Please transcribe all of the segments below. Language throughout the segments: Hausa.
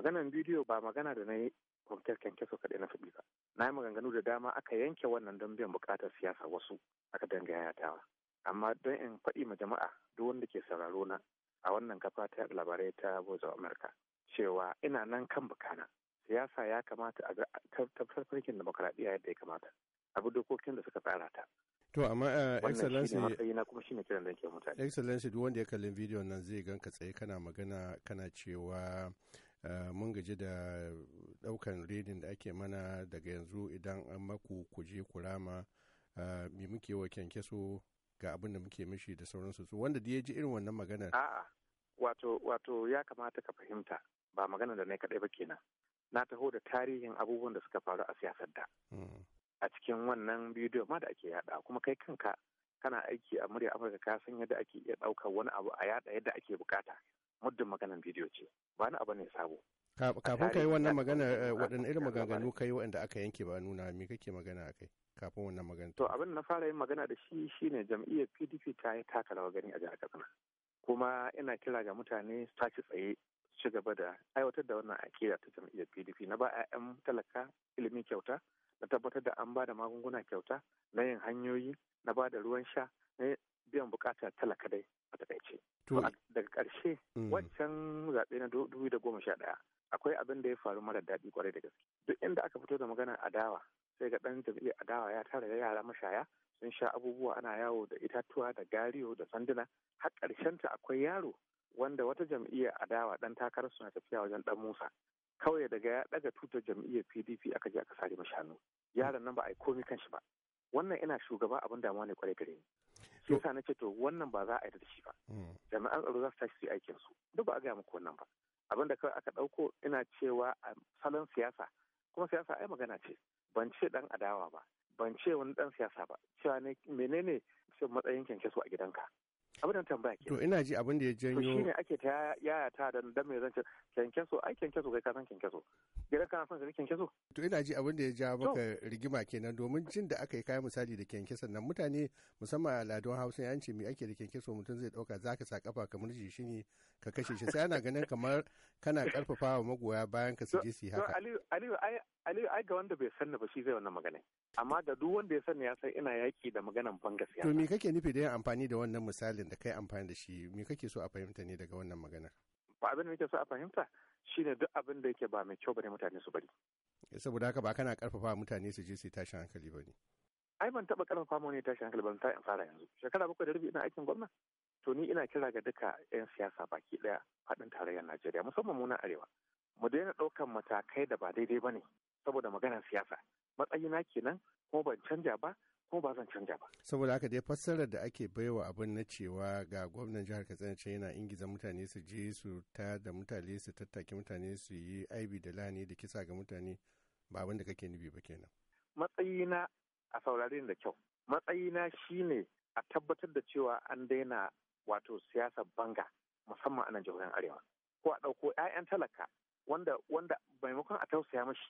maganan bidiyo ba magana da na yi kwankiyar kyankyaso kaɗai na faɗi ba na yi maganganu da dama aka yanke wannan don biyan buƙatar siyasa wasu aka danga tawa amma don in faɗi ma jama'a duk wanda ke sauraro na a wannan kafa ta labarai ta voice of america cewa ina nan kan bukana siyasa ya kamata a farkin demokaradiyya yadda ya kamata abu dokokin da suka tsara ta to amma eh, excellency na kuma shine kiran da mutane excellency duk wanda ya kalli bidiyon nan zai ganka tsaye kana magana kana cewa Eh, mun gaji da daukan redin da ake mana daga yanzu idan an maku kuje kurama eh, me muke wa kyankyaso ga abin da muke mishi da sauransu su wanda da ya ji irin wannan maganar a'a wato wato ya kamata ka fahimta ba magana da ne kadai ba kenan na taho da tarihin abubuwan da suka faru a siyasar da hmm. a cikin wannan bidiyo ma da ake yada kuma kai kanka kana aiki a murya afirka ka san yadda ake iya daukar wani abu a yada yadda ake bukata muddin maganan bidiyo ce ba ni abu ne sabo kafin ka yi wannan magana eh, waɗanne irin maganganu ka yi waɗanda aka yanke ba nuna me kake magana a kai kafin wannan magana to abin na fara yin magana da shi shine jam'iyyar pdp ta yi taka rawa gani a jihar katsina kuma ina kira ga mutane su tashi tsaye su ci gaba da aiwatar da wannan akida ta jam'iyyar pdp na ba yan talaka ilimin kyauta na tabbatar da an ba da magunguna kyauta na yin hanyoyi na ba da ruwan sha na biyan bukatar talaka dai a takaice daga ƙarshe mm. waccan zaɓe na dubu da goma sha ɗaya akwai abin da ya faru mara daɗi kwarai da gaske duk inda aka fito da maganar adawa sai ga ɗan jam'iyyar adawa ya tara da yara mashaya sun sha abubuwa ana yawo da itatuwa da gariyo da sanduna har ta akwai yaro wanda wata jam'iyyar adawa ɗan takarar suna tafiya wajen ɗan musa kawai daga ya ɗaga tutar jam'iyyar pdp aka je aka sare mashanu yaron nan ba a yi komi kan shi ba wannan ina shugaba abin damuwa ne kwarai gare ni shi yasa na ce to wannan ba za a yi da shi ba hmm. jami'an tsaro za su tashi su yi aikin su duk ba a gaya muku wannan ba abin da kawai aka ɗauko ina cewa a salon siyasa kuma siyasa ai magana ce ban ce dan adawa ba ban ce wani dan siyasa ba cewa ne menene matsayin kyankyaso a gidanka abin da tambaya ke to ina ji abin da ya janyo to shine ake ta yaya ta da dan me zance kenke so ai kenke so kai ka san kenke so gidan kana son kenke so to ina ji abin da ya ja maka rigima kenan domin jin da aka yi kai misali da kenkeso nan mutane musamman a ladon hausa yan ce me ake da kenke so mutum zai dauka zaka sa kafa ka murji shi ne ka kashe shi sai ana ganin kamar kana karfafa wa magoya bayan ka su je su yi haka aliyu aliyu ai aliyu ai ga wanda bai sanni ba shi zai wannan magana amma da duk wanda ya sanni ya san ina yaki da maganan ban gaskiya to me kake nufi da yin amfani da wannan misalin da kai amfani da shi me kake so a fahimta ne daga wannan maganar ba abin da nake so a fahimta shine duk abin da yake ba mai kyau bane mutane su bari eh, saboda haka ba kana karfafa mutane su je su tashin hankali ba ne ai ban taba karfafa mu ne tashin hankali ban ta in fara yanzu shekara bakwai da rubi ina aikin gwamna to ni ina kira ga duka yan siyasa baki daya faɗin tarayyar Najeriya musamman mu na arewa mu daina ɗaukan matakai da ba daidai ba ne saboda maganar siyasa matsayina kenan ko ban canja ba ko ba zan canja ba. Saboda haka dai fassarar da ake baiwa abin na cewa ga gwamnan jihar Katsina ce yana ingiza mutane su je su ta da mutane su tattake mutane su yi aibi da lani da kisa ga mutane ba abin da kake nufi ba kenan. Matsayina a saurare da kyau. Matsayina shine a tabbatar da cewa an daina wato siyasar banga musamman a nan jihohin Arewa. Ko a ɗauko 'ya'yan talaka wanda wanda maimakon a tausaya mashi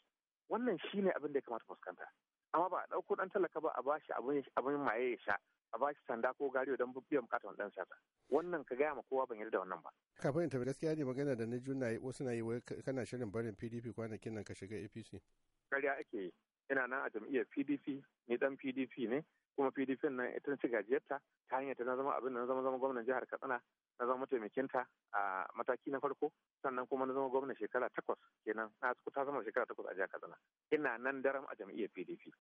wannan shi ne abin da ya kamata fuskanta amma ba a ɗauko ɗan talaka ba a bashi abin maye ya sha a bashi sanda ko gari don biyan bukatar ɗan saka wannan ka gaya ma kowa ban yarda da wannan ba kafin in tafi gaskiya ne magana da na juna wasu na yi kana shirin barin pdp kwanakin nan ka shiga apc ƙarya ake yi ina nan a jam'iyyar pdp ni dan pdp ne kuma pdp nan ita ci gajiyarta ta hanyar ta na zama abin na zama zama gwamnan jihar katsina na zama mataimakinta a mataki na farko sannan kuma na zama gwamnan shekara takwas kenan na ta zama shekara takwas a jihar katsina ina nan daram a jam'iyyar pdp